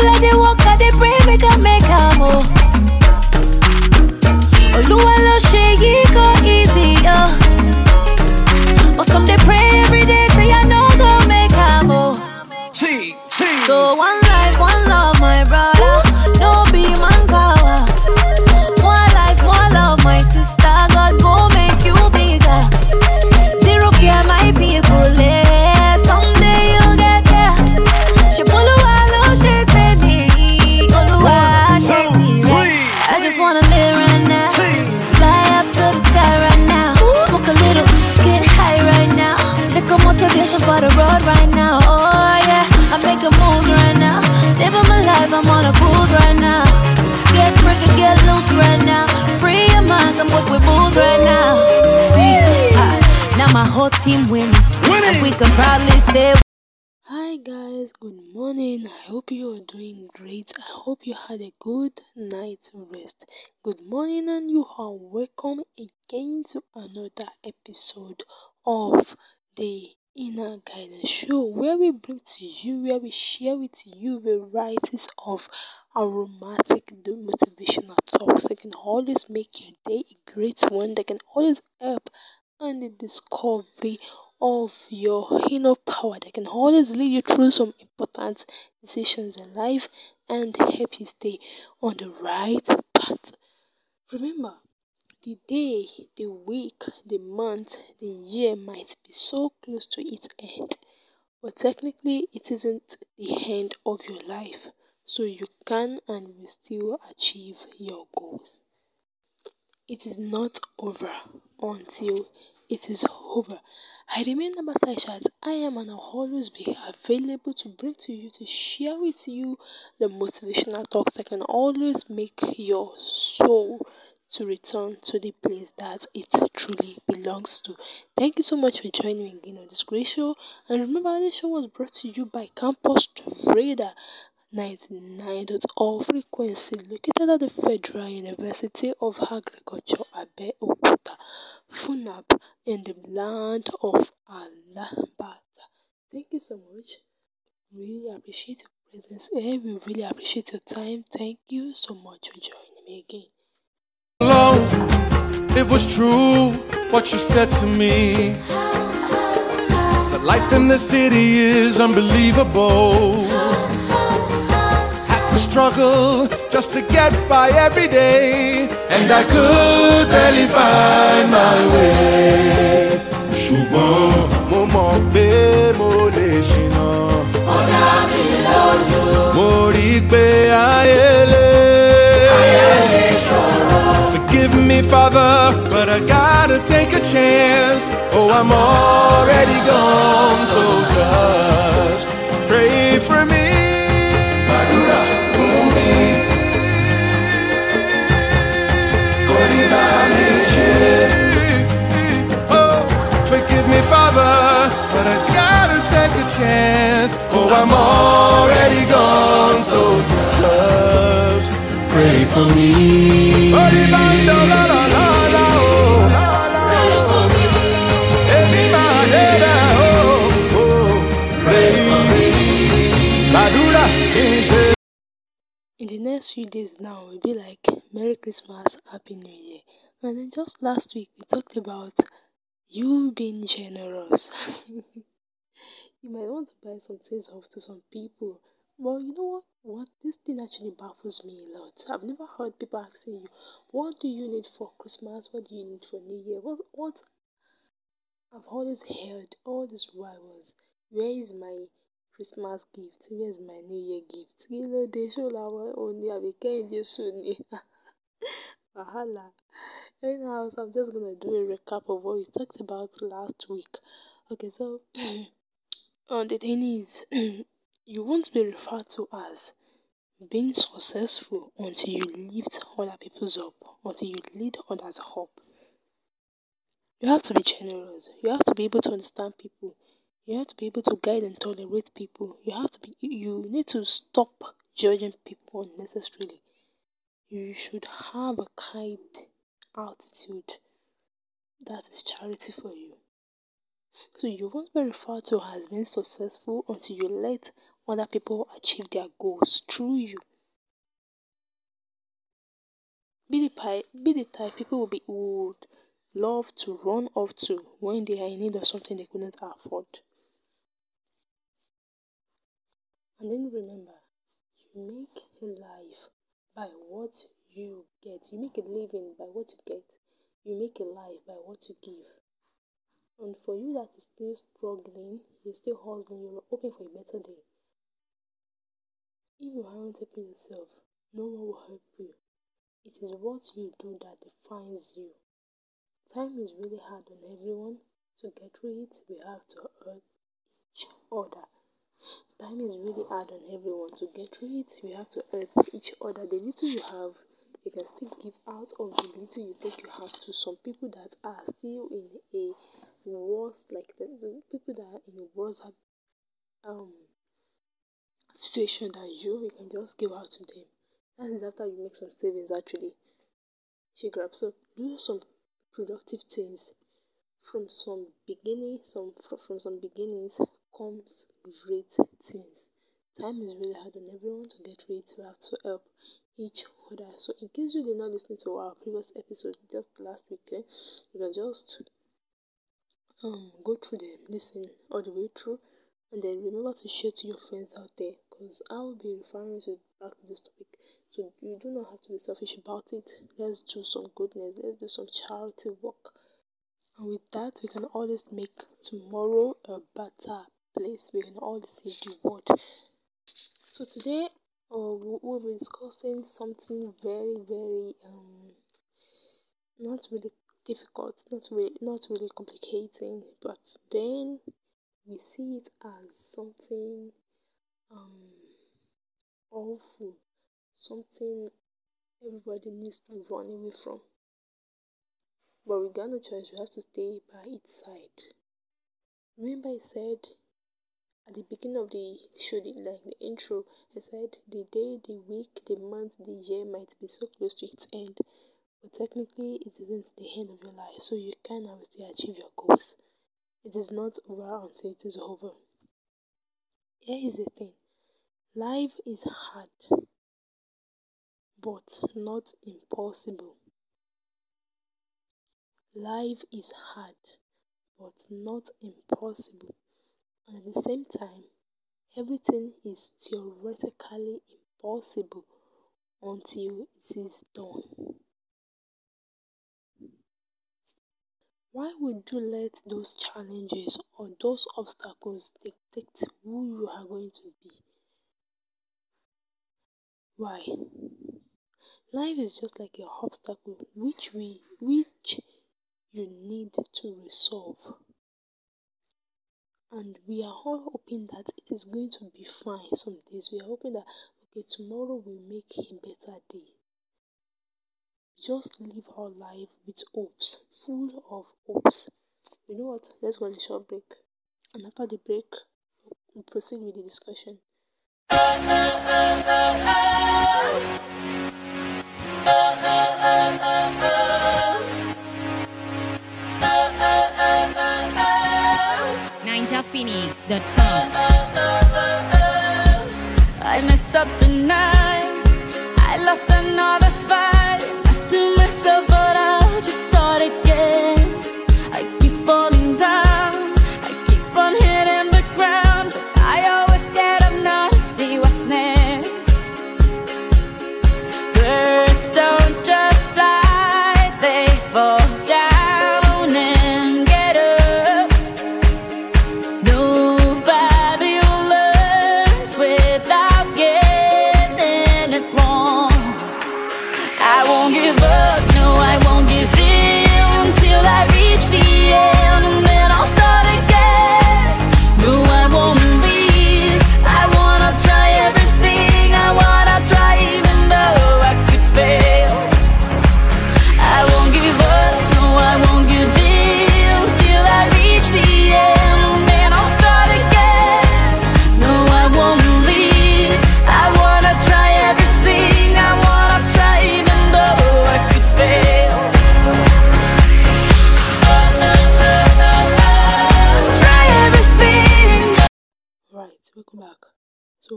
Full of the walk of team winning. we probably say. Hi guys, good morning. I hope you are doing great. I hope you had a good night's rest. Good morning, and you are welcome again to another episode of the Inner Guidance Show, where we bring to you, where we share with you varieties of aromatic, motivational talks that can always make your day a great one, that can always help and the discovery of your inner power that can always lead you through some important decisions in life and help you stay on the right path. Remember, the day, the week, the month, the year might be so close to its end, but technically it isn't the end of your life, so you can and will still achieve your goals. It is not over until it is over. I remain Namasaisha as I am and I'll always be available to bring to you, to share with you the motivational talks that can always make your soul to return to the place that it truly belongs to. Thank you so much for joining me again on this great show. And remember, this show was brought to you by Campus Trader. 99.0 frequency located at the Federal University of Agriculture Abeokuta (FUNAB) in the land of Alabata. Thank you so much. Really appreciate your presence here. We really appreciate your time. Thank you so much for joining me again. Hello, it was true what you said to me. The life in the city is unbelievable a struggle just to get by every day, and I could barely find my way. ṣùgbọ́n mo mọ̀ pé mo lè ṣìnà. ó dá mi lójú. mo rí i pé ayé lè. ayé lè ṣòro. forgive me father but I gotta take a chance. oh I'm already gone so just. I'm already gone, so just pray for me. In the next few days now will be like Merry Christmas, Happy New Year. And then just last week we talked about you being generous. you might want to buy some things off to some people. Well, you know what? What this thing actually baffles me a lot. I've never heard people asking you, "What do you need for Christmas? What do you need for New Year?" What? What? I've always heard all these rivals. Where is my Christmas gift? Where is my New Year gift? You know they show our only Abike soon. Wahala. Anyhow, so I'm just gonna do a recap of what we talked about last week. Okay, so. And uh, the thing is, you won't be referred to as being successful until you lift other people's up, until you lead others up. You have to be generous. You have to be able to understand people. You have to be able to guide and tolerate people. You have to be. You need to stop judging people unnecessarily. You should have a kind attitude. That is charity for you. So you won't be referred to as being successful until you let other people achieve their goals through you. Be the, pie, be the type people will be, would love to run off to when they are in need of something they couldn't afford. And then remember, you make a life by what you get. You make a living by what you get. You make a life by what you give. And for you that is still struggling, you're still hustling, you're hoping for a better day. If you aren't helping yourself, no one will help you. It is what you do that defines you. Time is really hard on everyone. To get through it, we have to help each other. Time is really hard on everyone. To get through it, we have to help each other. The little you have, you can still give out of the little you think you have to some people that are still in a worse like the, the people that are in a worse um situation than you you can just give out to them that is after you make some savings actually she grabs so do some productive things from some beginning some from some beginnings comes great things Time is really hard on everyone to get ready to have to help each other. So, in case you did not listen to our previous episode just last week, eh, you can just um, go through them, listen all the way through, and then remember to share to your friends out there because I will be referring to back to this topic. So, you do not have to be selfish about it. Let's do some goodness, let's do some charity work. And with that, we can always make tomorrow a better place. We can all see the world. So today uh, we'll be discussing something very very um not really difficult, not really not really complicating, but then we see it as something um awful, something everybody needs to run away from. But we got no choice, we have to stay by its side. Remember I said at the beginning of the show, the, like the intro, I said the day, the week, the month, the year might be so close to its end, but technically it isn't the end of your life, so you can always still achieve your goals. It is not over until it is over. Here is the thing life is hard, but not impossible. Life is hard, but not impossible. At the same time, everything is theoretically impossible until it is done. Why would you let those challenges or those obstacles dictate who you are going to be? Why? Life is just like a obstacle which we which you need to resolve and we are all hoping that it is going to be fine some days. We are hoping that okay, tomorrow will make a better day. Just live our life with hopes, full of hopes. You know what? Let's go on a short break, and after the break, we'll proceed with the discussion. Oh, oh, oh. phoenix.com. I messed up tonight. I lost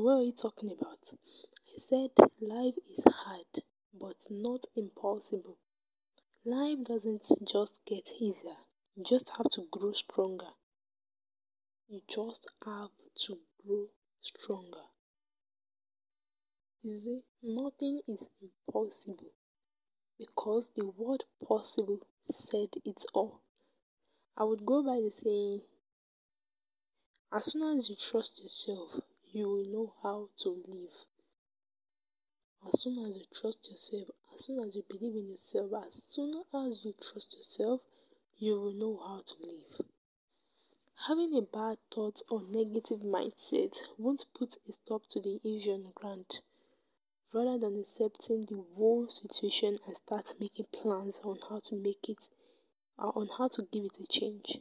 what are you talking about? I said, Life is hard, but not impossible. Life doesn't just get easier, you just have to grow stronger. You just have to grow stronger. You see, nothing is impossible because the word possible said it all. I would go by the saying, as soon as you trust yourself, you will know how to live. As soon as you trust yourself, as soon as you believe in yourself, as soon as you trust yourself, you will know how to live. Having a bad thought or negative mindset won't put a stop to the issue on the ground. Rather than accepting the whole situation and start making plans on how to make it, uh, on how to give it a change.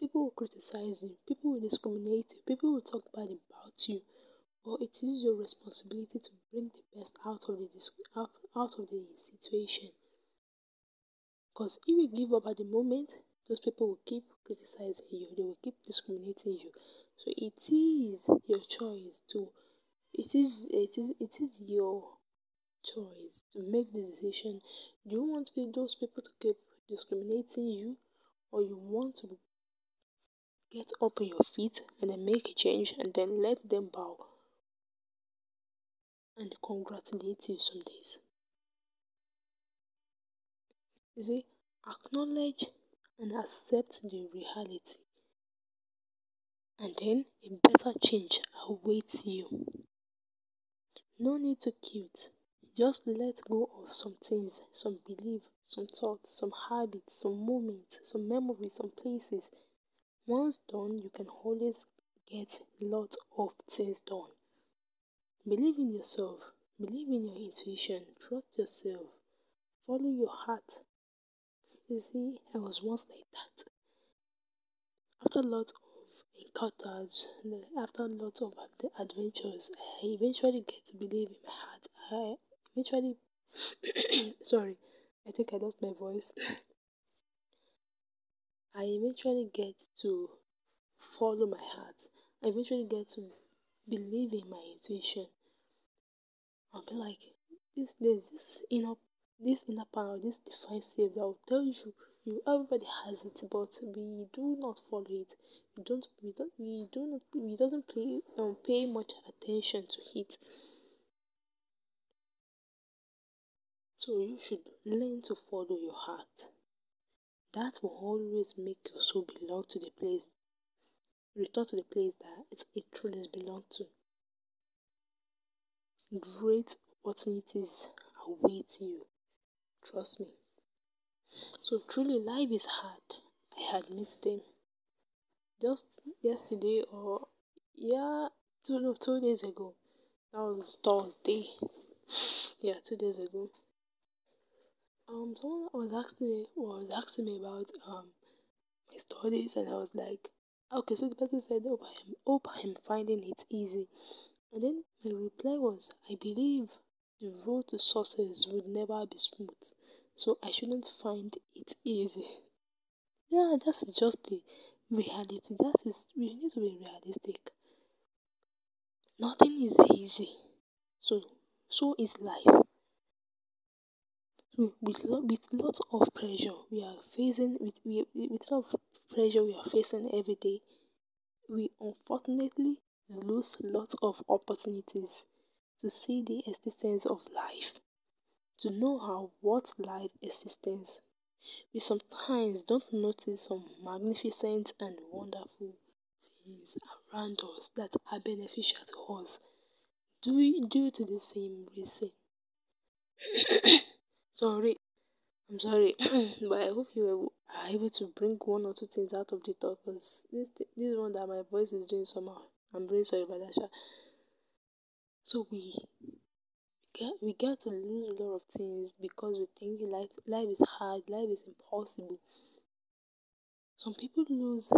People will criticize you, people will discriminate you, people will talk bad about you, but it is your responsibility to bring the best out of the out, out of the situation. Because if you give up at the moment, those people will keep criticizing you, they will keep discriminating you. So it is your choice to it is it is it is your choice to make the decision. Do you want those people to keep discriminating you or you want to Get up on your feet and then make a change and then let them bow and congratulate you some days. You see, acknowledge and accept the reality. And then a better change awaits you. No need to cute. Just let go of some things, some beliefs, some thoughts, some habits, some moments, some memories, some places, once done, you can always get lots of things done. Believe in yourself, believe in your intuition, trust yourself, follow your heart. You see, I was once like that. After lots of encounters, after lots of adventures, I eventually get to believe in my heart. I eventually, sorry, I think I lost my voice. I eventually get to follow my heart. I eventually get to believe in my intuition. I'll be like, this, there's this inner, this inner power, this divine self that will tell you, you everybody has it, but we do not follow it. We don't, we don't, we do not, we doesn't pay, um, pay much attention to it. So you should learn to follow your heart that will always make your soul belong to the place, return to the place that it, it truly belongs to. Great opportunities await you. Trust me. So truly, life is hard. I admit them. Just yesterday, or yeah, two no, two days ago. That was Thursday. Yeah, two days ago um someone was asking me was asking me about um my studies and I was like okay so the person said hope I'm hope I'm finding it easy and then my reply was I believe the road to success would never be smooth so I shouldn't find it easy yeah that's just the reality that is we need to be realistic nothing is easy so so is life so with lo- with lots of pressure we are facing with we, with lot of pressure we are facing every day, we unfortunately lose lots of opportunities to see the existence of life, to know how what life exists. We sometimes don't notice some magnificent and wonderful things around us that are beneficial to us due, due to the same reason. sorry. I'm sorry, but I hope you were able to bring one or two things out of the talk because this, this one that my voice is doing somehow. I'm really sorry about that. So we get, we get to learn a lot of things because we think life life is hard, life is impossible. Some people lose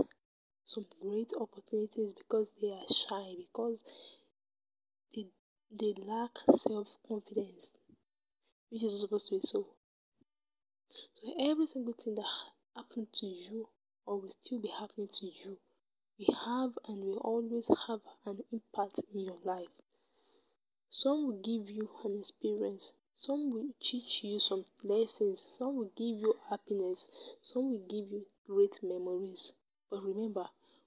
some great opportunities because they are shy because they they lack self confidence which is supposed to be so. So every single thing that happened to you or will still be happening to you, we have and we always have an impact in your life. Some will give you an experience, some will teach you some lessons, some will give you happiness, some will give you great memories. But remember,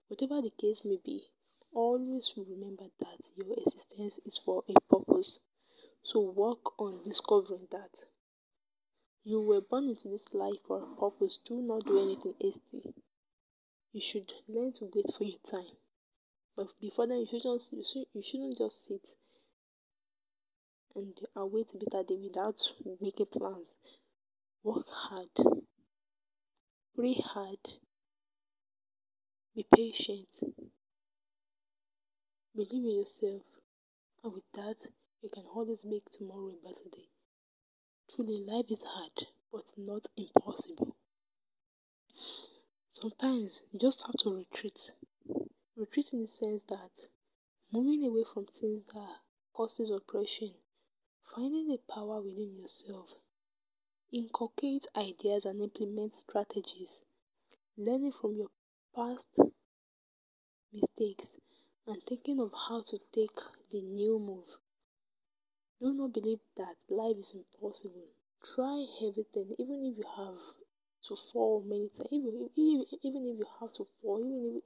whatever the case may be, always remember that your existence is for a purpose. So work on discovering that you were born into this life for a purpose. Do not do anything hasty. You should learn to wait for your time. But before then, you, should just, you, should, you shouldn't just sit and await a better day without making plans. Work hard, pray hard, be patient, believe in yourself, and with that, you can always make tomorrow a better day. Truly, life is hard, but not impossible. Sometimes you just have to retreat. Retreat in the sense that moving away from things that causes oppression, finding the power within yourself, inculcate ideas and implement strategies, learning from your past mistakes and thinking of how to take the new move. Do not believe that life is impossible. Try everything, even if you have to fall many times, even, even if you have to fall, even if,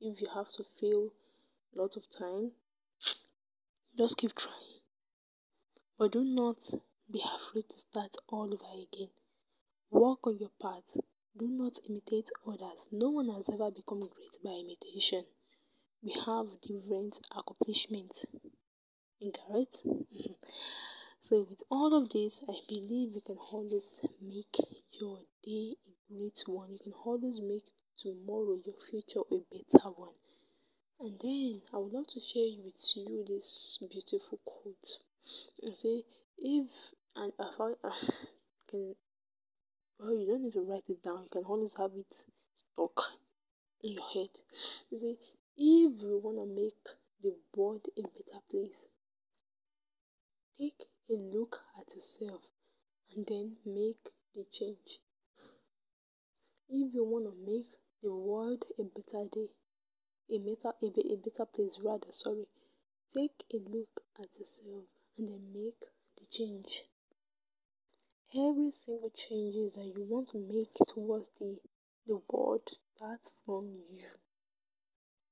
if you have to fail a lot of time, just keep trying. But do not be afraid to start all over again. Walk on your path. Do not imitate others. No one has ever become great by imitation. We have different accomplishments finger, so with all of this, I believe you can always make your day a great one. You can always make tomorrow, your future, a better one. And then I would love to share with you this beautiful quote. You see, if and I can well, you don't need to write it down. You can always have it stuck in your head. You see, if you wanna make the world a better place, Take a look at yourself and then make the change. If you want to make the world a better day, a better, a, better place rather, sorry, take a look at yourself and then make the change. Every single changes that you want to make towards the, the world starts from you.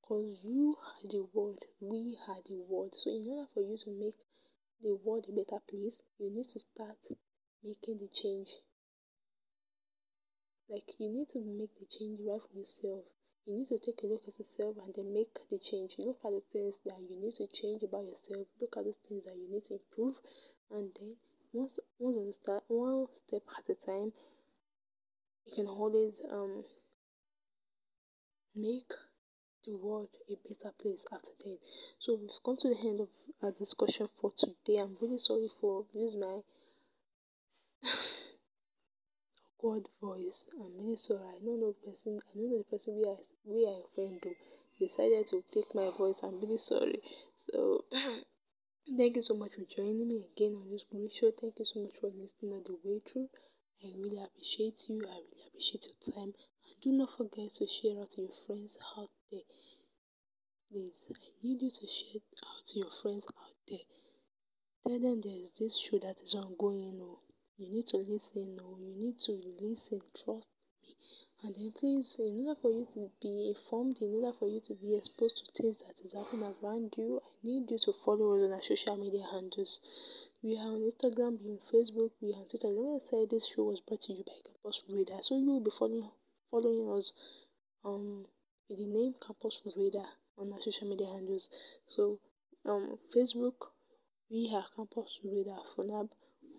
Because you are the world, we are the world. So, in order for you to make the world a better place, you need to start making the change. Like you need to make the change right from yourself. You need to take a look at yourself and then make the change. Look at the things that you need to change about yourself. Look at those things that you need to improve, and then once once you start one step at a time, you can always um make the world a better place after death. So we've come to the end of our discussion for today. I'm really sorry for this my awkward voice. I'm really sorry. I don't know the person. I don't know the person we are. We are offend. Though decided to take my voice. I'm really sorry. So. Thank you so much for joining me again on this great show. Thank you so much for listening all the way through. I really appreciate you. I really appreciate your time do not forget to share out to your friends out there. Please, I need you to share out to your friends out there. Tell them there is this show that is ongoing. Oh, you need to listen. Oh, you need to listen. Trust me. And then, please, in order for you to be informed, in order for you to be exposed to things that is happening around you, I need you to follow us on our social media handles. We are on Instagram, we are on Facebook, we are on Twitter. Remember, I said this show was brought to you by Campus Reader, so you will be following following us um with the name Campus Reader on our social media handles. So um Facebook we are Campus Radar Funab.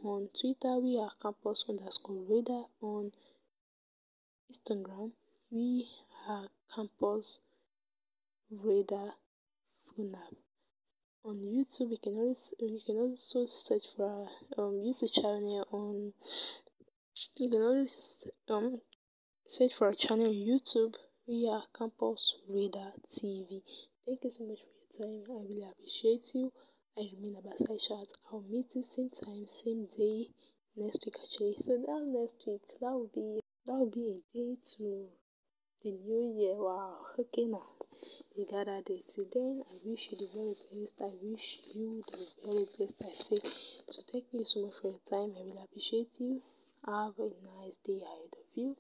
On Twitter we are Campus underscore Radar. On Instagram we are Campus Radar Funab. On YouTube you can always you can also search for our um, YouTube channel on you can always um search for our channel on YouTube. We are Campus Radar TV. Thank you so much for your time. I really appreciate you. I remain Abasai chat. I'll meet you same time, same day next week actually. So that next week that will be that will be a day to the new year. Wow. Okay now. We got that day. So then I wish you the very best. I wish you the very best I say. So thank you so much for your time. I really appreciate you. Have a nice day ahead of you.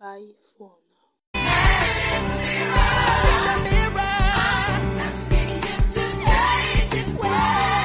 Bye for now.